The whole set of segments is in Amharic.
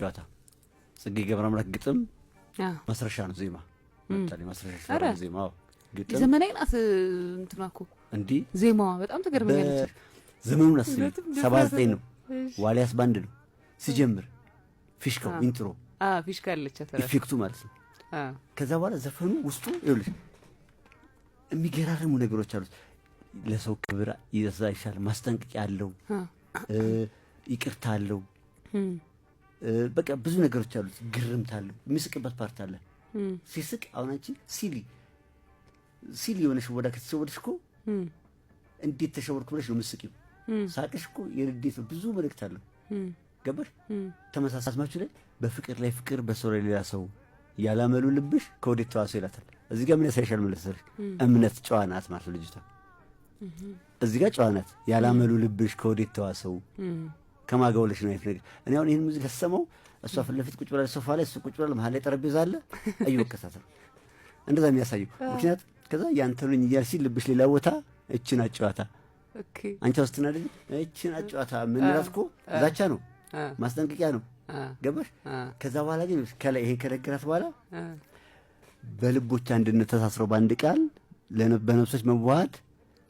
ጨዋታ ጽጌ ገብረ አምላክ ግጥም መስረሻ ነው። ዜማ ለምሳሌ ማስረሻ ዜማ ግጥም ዘመናዊ ናት። እንትናኩ እኮ እንዲህ ዜማዋ በጣም ትገርመኛለች። ዘመኑን አስቢ። ሰባ ዘጠኝ ነው። ዋሊያስ ባንድ ነው ሲጀምር፣ ፊሽካው ኢንትሮ ፊሽካ አለች ኢፌክቱ ማለት ነው። ከዛ በኋላ ዘፈኑ ውስጡ ይኸውልሽ የሚገራርሙ ነገሮች አሉት። ለሰው ክብር ይዛ ይሻል ማስጠንቀቂያ አለው፣ ይቅርታ አለው በቃ ብዙ ነገሮች አሉት። ግርምት አለው። የሚስቅበት ፓርት አለ። ሲስቅ አሁን አንቺ ሲሊ ሲሊ የሆነ ወዳ ከተሸወደሽ እኮ እንዴት ተሸወድኩ ብለሽ ነው የምትስቂው። ሳቅሽ እኮ የንዴት ብዙ መልእክት አለው። ገባሽ? ተመሳሳስማችሁ ላይ በፍቅር ላይ ፍቅር፣ በሰው ላይ ሌላ ሰው ያላመሉ ልብሽ ከወዴት ተዋሰው ይላታል። እዚህ ጋር ምን ያሳይሻል? መለሰር እምነት ጨዋ ናት ማለት ልጅቷ እዚህ ጋር ጨዋ ናት። ያላመሉ ልብሽ ከወዴት ተዋሰው ከማገውለሽ ነው አይነት ነገር። እኔ አሁን ይህን ሙዚቃ ስሰማው እሷ ፊት ለፊት ቁጭ ብላ ሶፋ ላይ፣ እሱ ቁጭ ብሏል፣ መሀል ላይ ጠረጴዛ አለ። እዩ ነው እንደዛ የሚያሳዩ ምክንያት ከዛ ያንተሉኝ እያል ሲል ልብሽ ሌላ ቦታ እችን አጨዋታ አንቻ ውስትና ልጅ እችን አጨዋታ የምንላት እኮ ዛቻ ነው፣ ማስጠንቀቂያ ነው። ገባሽ? ከዛ በኋላ ግን ከላይ ይሄን ከነገራት በኋላ በልቦች አንድነት ተሳስረው በአንድ ቃል በነፍሶች መዋሃድ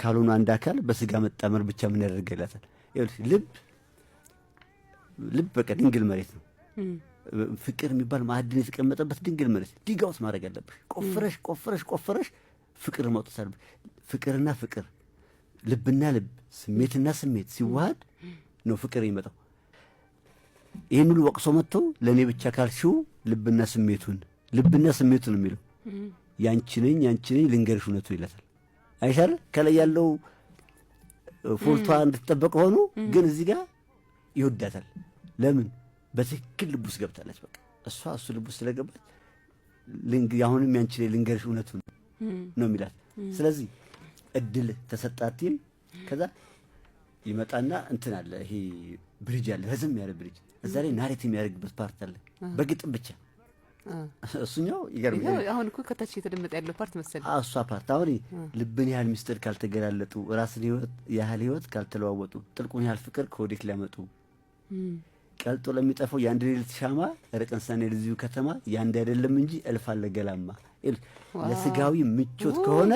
ካልሆኑ አንድ አካል በስጋ መጣመር ብቻ ምን ያደርገላታል? ልብ ልብ በቃ ድንግል መሬት ነው። ፍቅር የሚባል ማዕድን የተቀመጠበት ድንግል መሬት ዲጋውስ ማድረግ አለብሽ። ቆፍረሽ ቆፍረሽ ቆፍረሽ ፍቅር ማውጣት አለብሽ። ፍቅርና ፍቅር፣ ልብና ልብ፣ ስሜትና ስሜት ሲዋሃድ ነው ፍቅር የሚመጣው። ይህን ሁሉ ወቅሶ መጥቶ ለእኔ ብቻ ካልሽው ልብና ስሜቱን ልብና ስሜቱን የሚለው ያንቺ ነኝ ያንቺ ነኝ ልንገርሽ እውነቱ ይለታል። አይሻል ከላይ ያለው ፎልቷ እንድትጠበቅ ሆኖ ግን እዚህ ጋር ይወዳታል። ለምን በትክክል ልቡስ ገብታለች። በቃ እሷ እሱ ልቡስ ስለገባች አሁንም ያንቺ ላይ ልንገርሽ እውነቱ ነው የሚላት። ስለዚህ እድል ተሰጣትም። ከዛ ይመጣና እንትን አለ ይሄ ብሪጅ አለ ረዘም ያለ ብሪጅ፣ እዛ ላይ ናሬት የሚያደርግበት ፓርት አለ በግጥም ብቻ። እሱኛው ይገርምኛል። አሁን እኮ ከታች እየተደመጠ ያለው ፓርት መሰለኝ እሷ ፓርት። አሁን ልብን ያህል ሚስጥር ካልተገላለጡ፣ ራስን ያህል ህይወት ካልተለዋወጡ፣ ጥልቁን ያህል ፍቅር ከወዴት ሊያመጡ ቀልጦ ለሚጠፋው የአንድ ሌሊት ሻማ ርቀን ሳንሄድ እዚሁ ከተማ ያንድ አይደለም እንጂ እልፍ አለ ገላማ። ለስጋዊ ምቾት ከሆነ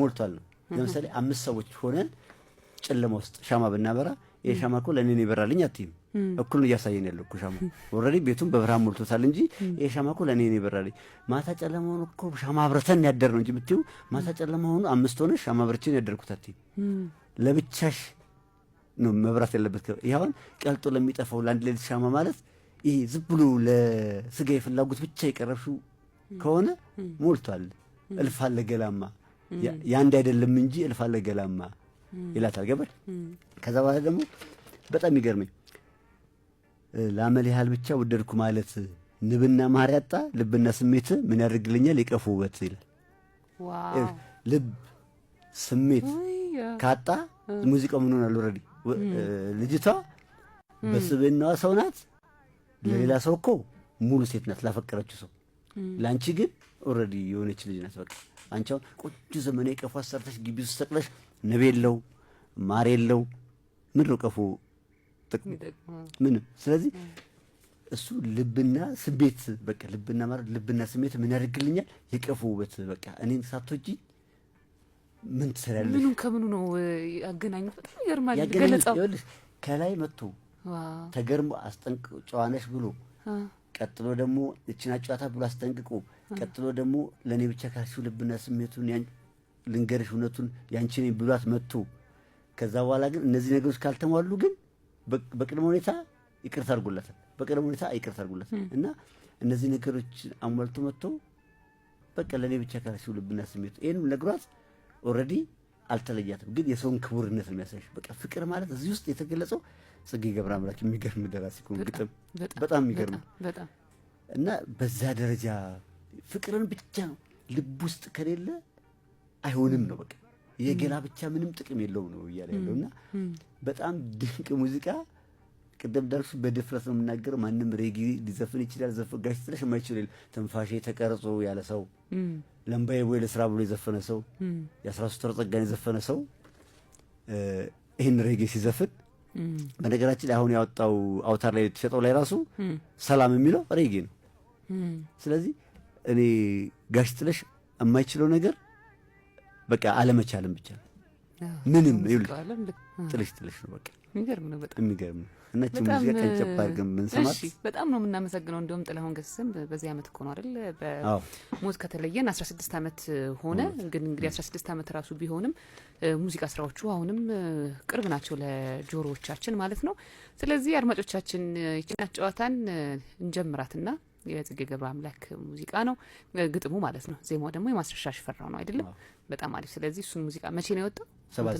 ሞልቷል ነው። ለምሳሌ አምስት ሰዎች ሆነን ጨለማ ውስጥ ሻማ ብናበራ ይህ ሻማ እኮ ለእኔ ይበራልኝ አትይም። እኩል ነው እያሳየን ያለው እኮ ሻማ ኦልሬዲ ቤቱን በብርሃን ሞልቶታል እንጂ ይህ ሻማ እኮ ለእኔ ይበራልኝ። ማታ ጨለማ ሆኖ እኮ ሻማ አብረተን ያደር ነው እንጂ ብትይው ማታ ጨለማ ሆኖ አምስት ሆነ ሻማ አብርቼን ያደርኩት አትይም። ለብቻሽ ነው መብራት ያለበት። ይህ አሁን ቀልጦ ለሚጠፋው ለአንድ ሌሊት ሻማ ማለት ይሄ ዝም ብሎ ለስጋ የፍላጎት ብቻ የቀረብሽው ከሆነ ሞልቷል። እልፍ አለ ገላማ የአንድ አይደለም እንጂ እልፍ አለ ገላማ ይላታል ገበር። ከዛ በኋላ ደግሞ በጣም ይገርመኝ ለአመል ያህል ብቻ ወደድኩ ማለት ንብና ማር ያጣ ልብና ስሜት ምን ያደርግልኛል የቀፉ ውበት ይላል። ልብ ስሜት ካጣ ሙዚቃው ምን ሆናል? ኦልሬዲ ልጅቷ በስብናዋ ሰው ናት። ለሌላ ሰው እኮ ሙሉ ሴት ናት፣ ላፈቀረችው ሰው። ለአንቺ ግን ኦልሬዲ የሆነች ልጅ ናት። በቃ አንቺ አሁን ቆንጆ ዘመናዊ ቀፎ አሰርተሽ ግቢ ውስጥ ሰቅለሽ ንብ የለው ማር የለው ምን ነው ቀፎ ጥቅሙ? ምንም። ስለዚህ እሱ ልብና ስሜት በቃ ልብና ማለት ልብና ስሜት ምን ያደርግልኛል? የቀፎ ውበት በቃ እኔን ሳቶጂ ምን ትሰራለሽ? ምኑን ከምኑ ነው ያገናኙት? በጣም ይገርማል። ገለጻው ከላይ መጥቶ ተገርሞ አስጠንቅ ጨዋነሽ ብሎ ቀጥሎ ደግሞ እችና ጨዋታ ብሎ አስጠንቅቆ ቀጥሎ ደግሞ ለእኔ ብቻ ካሲው ልብና ስሜቱን ልንገርሽ እውነቱን ያንቺ ነኝ ብሏት መጥቶ ከዛ በኋላ ግን እነዚህ ነገሮች ካልተሟሉ ግን በቅድመ ሁኔታ ይቅርታ አድርጎለታል። በቅድመ ሁኔታ ይቅርታ አድርጎለታል እና እነዚህ ነገሮች አሟልቶ መጥቶ በቃ ለእኔ ብቻ ካሲው ልብና ስሜቱ ይህንም ነግሯት ኦልሬዲ አልተለያትም፣ ግን የሰውን ክቡርነት ነው የሚያሳይሽ። በቃ ፍቅር ማለት እዚህ ውስጥ የተገለጸው ጽጌ ገብረ አምላክ የሚገርም ደራሲ እኮ ግጥም በጣም የሚገርም እና በዛ ደረጃ ፍቅርን ብቻ ነው ልብ ውስጥ ከሌለ አይሆንም ነው በቃ የገላ ብቻ ምንም ጥቅም የለውም ነው እያለ ያለው እና በጣም ድንቅ ሙዚቃ። ቅደም ዳርሱ በድፍረት ነው የምናገረው። ማንም ሬጊ ሊዘፍን ይችላል። ዘፈጋሽ ጥለሽ የማይችል ትንፋሽ ተቀርጾ ያለ ሰው ለምባዬ ቦይ ለስራ ብሎ የዘፈነ ሰው የአስራ ሶስት ወር ጸጋን የዘፈነ ሰው ይህን ሬጌ ሲዘፍን በነገራችን ላይ አሁን ያወጣው አውታር ላይ የተሸጠው ላይ ራሱ ሰላም የሚለው ሬጌ ነው። ስለዚህ እኔ ጋሽ ጥለሽ የማይችለው ነገር በቃ አለመቻልም ብቻ ምንም ይሉ ጥልሽ ጥለሽ ነው በቃ የሚገርም ነው። በጣም የሚገርም ነው። እናች ሙዚቃ ቀንጨብ ግን ብንሰማት በጣም ነው የምናመሰግነው። እንዲሁም ጥላሁን ገሰሰም በዚህ አመት እኮ ነው አይደል በሞት ከተለየን አስራ ስድስት አመት ሆነ። ግን እንግዲህ አስራ ስድስት አመት ራሱ ቢሆንም ሙዚቃ ስራዎቹ አሁንም ቅርብ ናቸው ለጆሮዎቻችን ማለት ነው። ስለዚህ አድማጮቻችን ይችናት ጨዋታን እንጀምራትና የጽጌ ገብረ አምላክ ሙዚቃ ነው ግጥሙ ማለት ነው። ዜማው ደግሞ የማስረሻ ሽፈራው ነው አይደለም። በጣም አሪፍ። ስለዚህ እሱን ሙዚቃ መቼ ነው የወጣው? ሰባት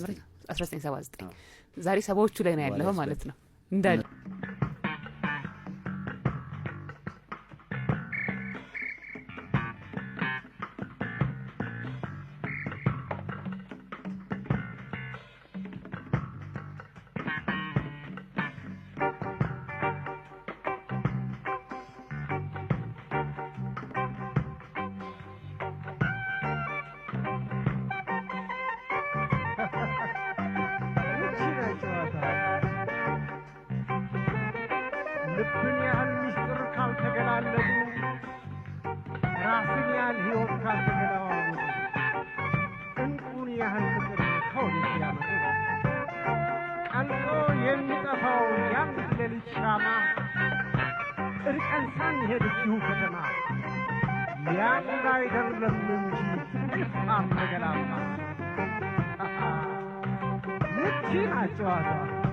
1979 ዛሬ ሰባዎቹ ላይ ነው ያለው ማለት ነው እንዳለ ራስን ያህል ህይወት ካልተገለዋወጡ እንቁን ያህል ፍቅር ከወዴት ያመጡ? ቀልጦ የሚጠፋው ያን ሌሊት ሻማ እርቀን ሳንሄድ እዚሁ ከተማ ሊያምር አይደለም እንጂ እልፍ ገላማ ምቺ ናቸው